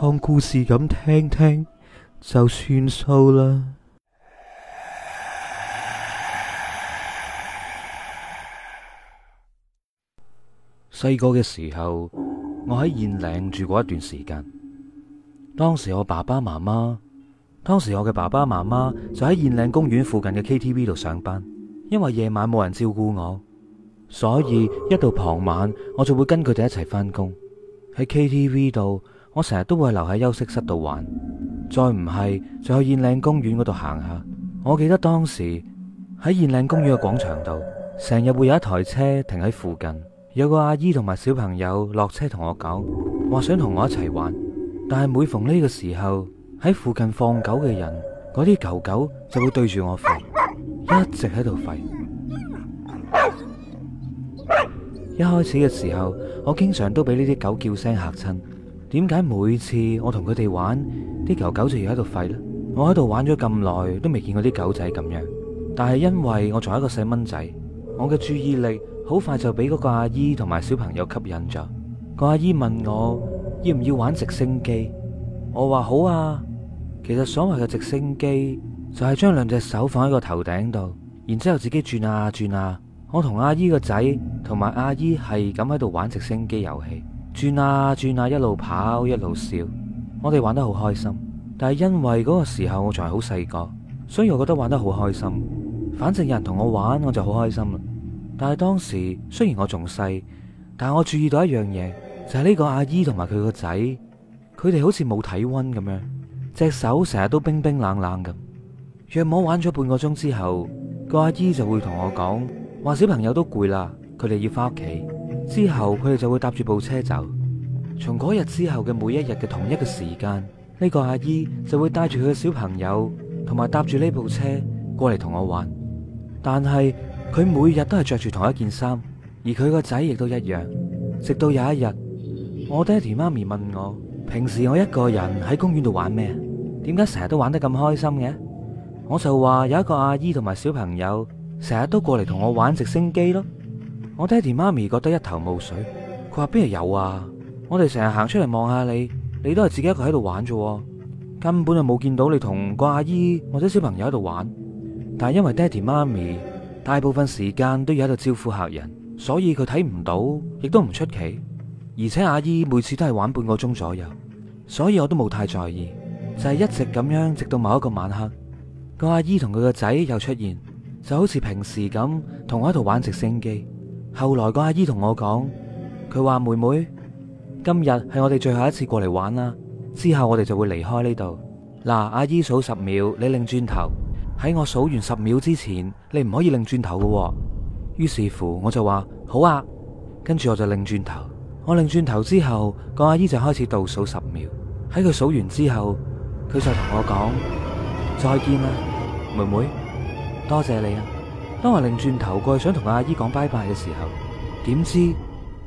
當故事咁聽聽就算數啦。細個嘅時候，我喺燕嶺住過一段時間。當時我爸爸媽媽，當時我嘅爸爸媽媽就喺燕嶺公園附近嘅 KTV 度上班。因為夜晚冇人照顧我，所以一到傍晚，我就會跟佢哋一齊翻工喺 KTV 度。我成日都會留喺休息室度玩，再唔係就去燕嶺公園嗰度行下。我記得當時喺燕嶺公園嘅廣場度，成日會有一台車停喺附近，有個阿姨同埋小朋友落車同我講，話想同我一齊玩。但係每逢呢個時候，喺附近放狗嘅人，嗰啲狗狗就會對住我吠，一直喺度吠。一開始嘅時候，我經常都俾呢啲狗叫聲嚇親。點解每次我同佢哋玩，啲狗狗就要喺度吠呢？我喺度玩咗咁耐，都未見過啲狗仔咁樣。但係因為我仲係一個細蚊仔，我嘅注意力好快就俾嗰個阿姨同埋小朋友吸引咗。個阿姨問我要唔要玩直升機，我話好啊。其實所謂嘅直升機就係將兩隻手放喺個頭頂度，然之後自己轉啊轉啊。我同阿姨個仔同埋阿姨係咁喺度玩直升機遊戲。轉啊轉啊，一路跑一路笑，我哋玩得好開心。但係因為嗰個時候我仲係好細個，所以我覺得玩得好開心。反正有人同我玩，我就好開心啦。但係當時雖然我仲細，但我注意到一樣嘢，就係呢個阿姨同埋佢個仔，佢哋好似冇體温咁樣，隻手成日都冰冰冷冷咁。若果玩咗半個鐘之後，個阿姨就會同我講話：小朋友都攰啦，佢哋要翻屋企。之後佢哋就會搭住部車走。從嗰日之後嘅每一日嘅同一個時間，呢個阿姨就會帶住佢嘅小朋友同埋搭住呢部車過嚟同我玩。但係佢每日都係着住同一件衫，而佢個仔亦都一樣。直到有一日，我爹地媽咪問我：平時我一個人喺公園度玩咩？點解成日都玩得咁開心嘅？我就話有一個阿姨同埋小朋友成日都過嚟同我玩直升機咯。我爹地媽咪覺得一頭霧水，佢話邊度有啊？我哋成日行出嚟望下你，你都係自己一個喺度玩啫。根本就冇見到你同個阿姨或者小朋友喺度玩。但係因為爹地媽咪大部分時間都要喺度招呼客人，所以佢睇唔到，亦都唔出奇。而且阿姨每次都係玩半個鐘左右，所以我都冇太在意，就係、是、一直咁樣，直到某一個晚黑，個阿姨同佢個仔又出現，就好似平時咁同我喺度玩直升機。後來個阿姨同我講，佢話，妹妹，今日係我哋最後一次過嚟玩啦，之後我哋就會離開呢度。嗱，阿姨數十秒，你擰轉，轉頭，喺我數完十秒之前，你唔可以擰轉頭㗎，哦。於是乎，我就話好啊，跟住我就擰轉頭。我擰轉頭之後，個阿姨就開始倒數十秒。喺佢數完之後，佢就同我講，再見啦，妹妹，多謝你啊。當我擰轉頭過去想同阿姨講拜拜嘅時候，點知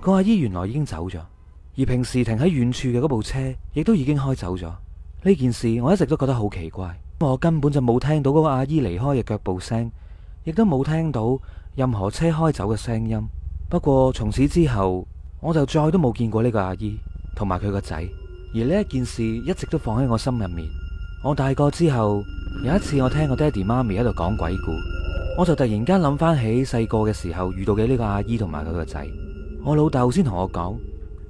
個阿姨原來已經走咗，而平時停喺遠處嘅嗰部車亦都已經開走咗。呢件事我一直都覺得好奇怪，我根本就冇聽到嗰個阿姨離開嘅腳步聲，亦都冇聽到任何車開走嘅聲音。不過從此之後，我就再都冇見過呢個阿姨同埋佢個仔，而呢一件事一直都放喺我心入面。我大個之後，有一次我聽我爹哋媽咪喺度講鬼故。我就突然間諗翻起細個嘅時候遇到嘅呢個阿姨同埋佢個仔，我老豆先同我講，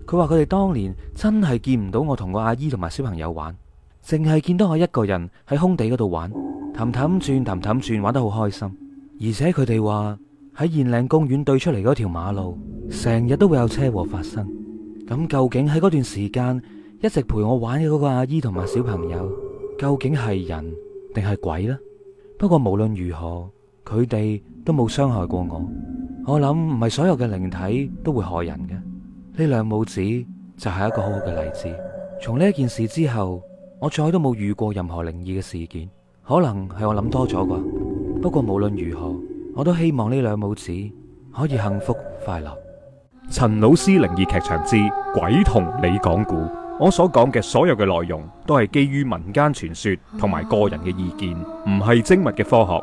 佢話佢哋當年真係見唔到我同個阿姨同埋小朋友玩，淨係見到我一個人喺空地嗰度玩，氹氹轉氹氹轉，轉，玩得好開心。而且佢哋話喺燕嶺公園對出嚟嗰條馬路，成日都會有車禍發生。咁究竟喺嗰段時間一直陪我玩嘅嗰個阿姨同埋小朋友，究竟係人定係鬼呢？不過無論如何。佢哋都冇傷害過我，我諗唔係所有嘅靈體都會害人嘅。呢兩母子就係一個好好嘅例子。從呢一件事之後，我再都冇遇過任何靈異嘅事件。可能係我諗多咗啩。不過無論如何，我都希望呢兩母子可以幸福快樂。陳老師靈異劇場之鬼同你講古，我所講嘅所有嘅內容都係基於民間傳說同埋個人嘅意見，唔係精密嘅科學。